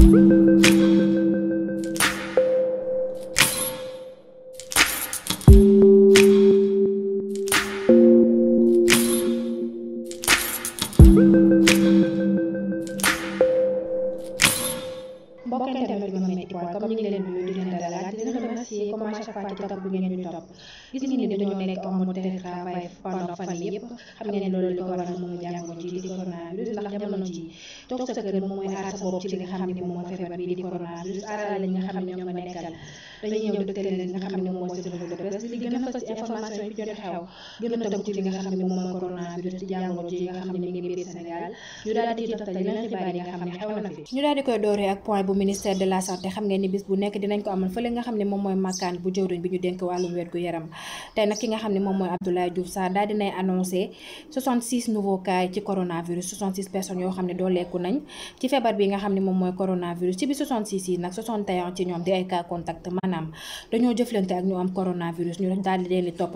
Boca and 3 comme ñu ngi leen nuyu di leen dalalaat topp bi ngeen ñu topp gis ngeen ni dañoo nekk en fan yëpp xam ne loolu li ko waral mooy jàngoro ji di coronavirus ndax jamono ji toog sa kër moom mooy aar sa bopp ci li xam ne moom mooy bi di coronavirus aaral la ñi nga xam ne ñoom nga nekkal dañuy ñëw dëgtale leen li nga xam ne moom ñu daal koy dooree ak point bu ministère de la santé xam ngeen ni bis bu nekk dinañ ko amal fële nga xam ne moom mooy màkkaan bu jëwriñ bi ñu dénk wàllum wér gu yaram tey nag ki nga xam ne moom mooy Abdoulaye Diouf Sarr daal dinay annoncé 66 nouveaux cas ci coronavirus 66 personnes yoo xam ne dooleeku nañ ci feebar bi nga xam ne moom mooy coronavirus ci bi 66 yi nag 61 ci ñoom di ay cas contact maanaam dañoo jëflante ak ñu am coronavirus ñu daal di leen di topp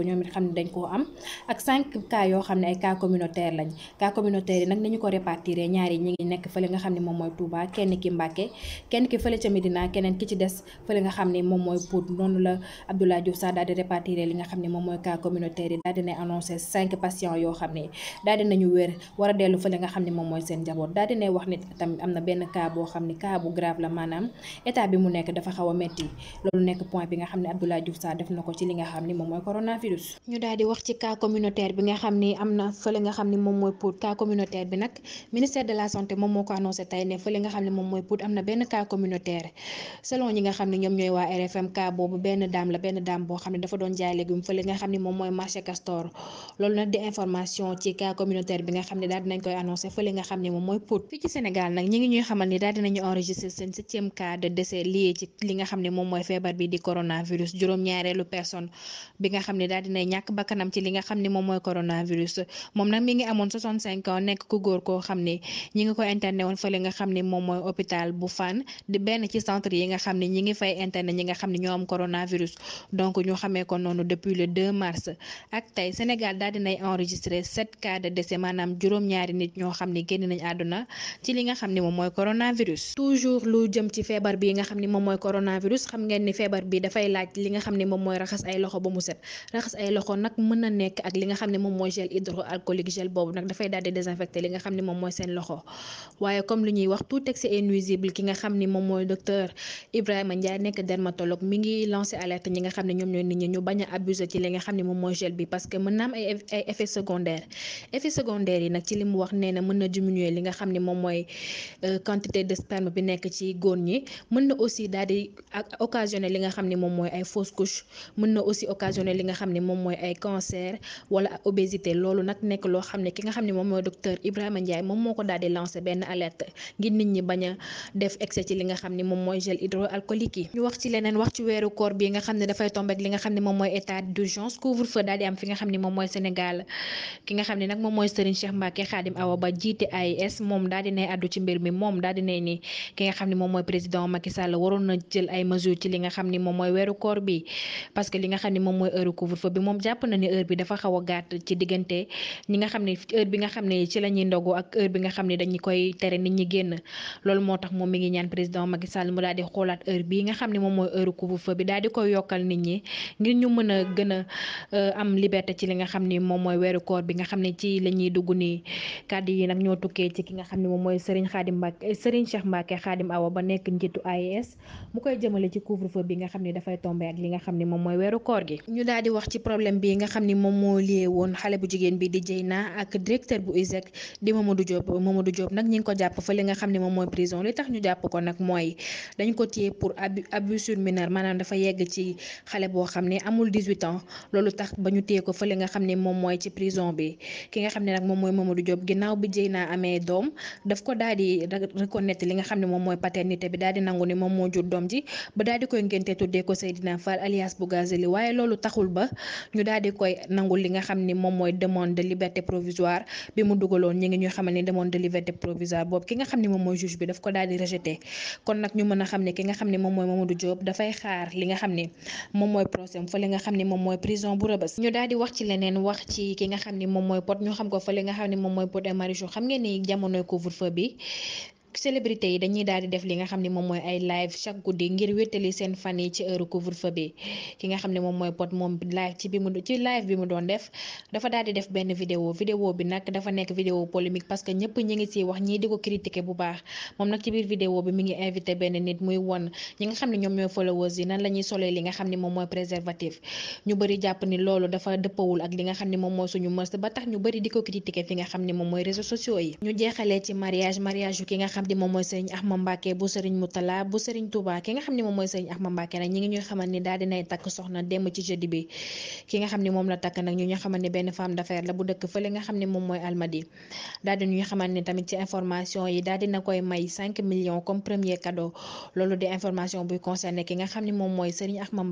yoo xam ne ay cas communautaire lañ cas communautaire yi nag ni ñu ko répartir ñaari ñi ngi nekk fële nga xam moom mooy Touba kenn ki Mbacké kenn ki fële ca Medina keneen ki ci des fële nga xam ne moom mooy Pout noonu la Abdoulaye Diouf Sarr daal di li nga xam ne moom mooy cas communautaire yi daal dina annoncé cinq patients yoo xam ne daal dinañu wér war a dellu fële nga xam ne moom mooy seen njaboot daal dinay wax ne tamit am na benn kaa boo xam ne cas bu grave la maanaam état bi mu nekk dafa xaw a metti loolu loolu nekk point bi nga xam ne Abdoulaye Diouf Sarr def na ko ci li nga xam ne moom mooy Pout fii ci Sénégal nag ñi ngi ñuy xamal ni daal dinañu enregistré seen septième cas de décès lié ci li nga xam ne moom mooy feebar bi di coronavirus juróom-ñaareelu personne bi nga xam ne daal dinay ñàkk bakkanam ci ci yi nga xam ne ñi ngi fay interné ñi nga ko noonu depuis le 2 mars ak tey Sénégal daal dinay enregistré 7 cas de décès maanaam juróom-ñaari nit ñoo xam ne génn nañ àdduna ci li nga xam ne moom mooy coronavirus toujours lu jëm ci feebar bi nga xam ne moom mooy coronavirus xam ngeen ni feebar bi dafay laaj li nga xam ne moom mooy raxas ay loxo gel boobu nag dafay daal désinfecté li nga xam ne moom mooy seen loxo waaye comme lu ñuy wax tout excès est ki nga xam ne moom mooy docteur Ibrahima Ndiaye nekk dermatologue mi ngi lancé alerte ñi nga xam ne ñoom ñooy ñi ñu bañ a ci li nga xam ne moom mooy gel bi parce que mën na ay ay effets secondaires effets yi nag ci li mu wax nee mën na diminuer li nga xam ne moom euh, li nga xam ne moom mooy ay fausse couche mën na aussi occasionner li nga xam ne moom mooy ay cancer wala obésité loolu nag nekk loo xam ne ki nga xam ne moom mooy docteur Ibrahima Ndiaye moom moo ko daal di lancé benn alerte a def li nga xam ne moom mooy gel hydroalcoolique yi. ñu wax ci wax ci weeru koor bi nga xam ne dafay tombé ak li xam ne moom mooy état d'urgence couvre-feu daal di am fi moom mooy Sénégal ki nga xam ne nag moom mooy Serigne Cheikh Mbacké Khadim Awa Ba jiite AIS moom daal di nay addu ci mbir mi moom daal di nay ni ki nga xam ne moom mooy président Macky Sall waroon na jël ay mesures ci li nga xam xam ni moom mooy weeru koor bi parce que li nga xam ni moom mooy heure couvre bi moom jàpp ni heure bi dafa xaw a gàtt ci diggante ñi nga xam ne heure bi nga xam ne ci la ñuy ndogu ak heure bi nga xam ne dañu koy tere nit ñi génn loolu moo tax moom mi ngi ñaan président Macky Sall mu daal di bi nga xam ne moom mooy heure couvre-feu bi daal di koy yokkal nit ñi ngir ñu mën a gën a euh, am liberté ci li nga xam ni moom mooy weeru koor bi nga xam ne ci la ñuy dugg nii kàddu yi nag ñoo tukkee ci ki nga xam ne moom mooy Serigne Khadim Mbacke Serigne Cheikh Mbacke Khadim Awa ba nekk njiitu AES mu koy jëmale ci couvre bi nga xam ne dafay tombé ak li nga xam ne moom mooy weeru koor gi ñu daal di wax ci bi nga xam ne moom moo liyee woon xale bu jigéen bi di Dieyna ak directeur bu ISEC di Mamadou Diop Mamadou Diop nag ñi ngi ko jàpp fa li nga xam ne moom mooy prison li tax ñu jàpp ko nag mooy dañ ko téye pour abus abus sur mineur maanaam dafa yegg ci xale boo xam ne amul 18 ans loolu tax ba ñu téye ko fa li nga xam ne moom mooy ci prison bi ki nga xam ne nag moom mooy Mamadou Diop ginnaaw bi Dieyna amee doom daf ko daal di reconnaître li nga xam ne moom mooy paternité bi daal di nangu ne moom moo jur doom ji ba daal di koy ngénte tuddee ko Seydina Fall alias Bougazelli waaye loolu taxul ba ñu daal koy nangul li nga xam ni moom demande de liberté provisoire bi mu dugaloon ñi ngi ñuy xamal ni demande de liberté provisoire boobu ki nga xam ne moom juge bi dafay xaar li nga xam ne moom mooy procès li nga xam ne moom prison bu rëbës ñu daal wax ci leneen wax ci ki nga xam ni moom pot ñu xam ko fa li nga xam ne moom pot et xam ngeen ni jamonoy couvre célébrité yi dañuy daal di def li nga xam ne moom mooy ay live chaque guddi ngir wéttali seen fan yi ci heure couvre-feu bi ki nga xam ne moom mooy Pod moom live ci bi mu ngi ciy wax ñii di ko critiquer bi mi ngi invité benn nit muy won ñi nga xam ne ñoom ñooy followers yi nan la ñuy li nga xam ne moom mooy préservatif ñu bëri jàpp ni loolu dafa dëppawul ak li nga xam ne moom mooy suñu mës ba tax ñu bëri di ko critiquer fi nga xam ne moom mooy réseaux sociaux yi ñu jeexalee ci mariage mariage yu ki nga xam xamante ni moom mooy sëriñ Axma Mbacke bu sëriñ Moutala bu sëriñ Touba ki nga xam ne moom mooy sëriñ Axma Mbacke nag ñi ngi ñuy ki nga xam ni bu moom mooy Almadi daal di ñuy xamal ni tamit ci information koy may 5 millions comme premier sëriñ Axma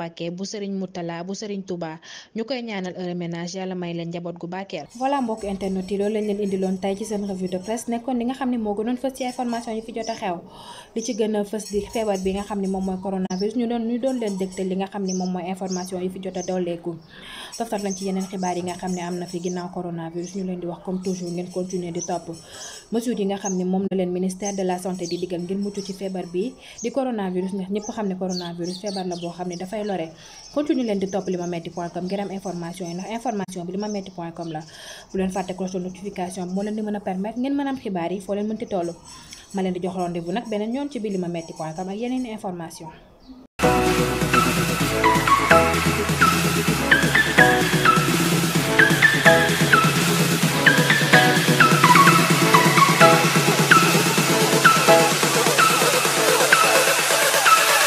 ñu koy ñaanal heure ménage yàlla may leen njaboot gu barkeel voilà mbokk internet yi loolu lañ leen indiloon tey ci seen revue de presse nekkoon li nga xam ne moo gënoon fës ci information information yi fi jot a xew li ci gën a fës di feebar bi nga xam ni moom mooy coronavirus ñu doon leen dégte li nga xam ne moom mooy information yi fi jot a dooleeku toftal lañ ci yeneen xibaar yi nga xam ne am na fi ginnaaw coronavirus ñu leen di wax comme toujours ngeen continuer di topp mesures yi nga xam ne moom na leen ministère de la santé di digal ngir mucc ci feebar bi di coronavirus ndax ñëpp xam ne coronavirus feebar la boo xam ne dafay lore continue leen di topp limametti.com information yi ndax information bi limametti.com la bu leen fàtte cloche de a permettre ngeen mën a ma leen di jox rendez nag beneen yoon ci bi limametti point com ak yeneen information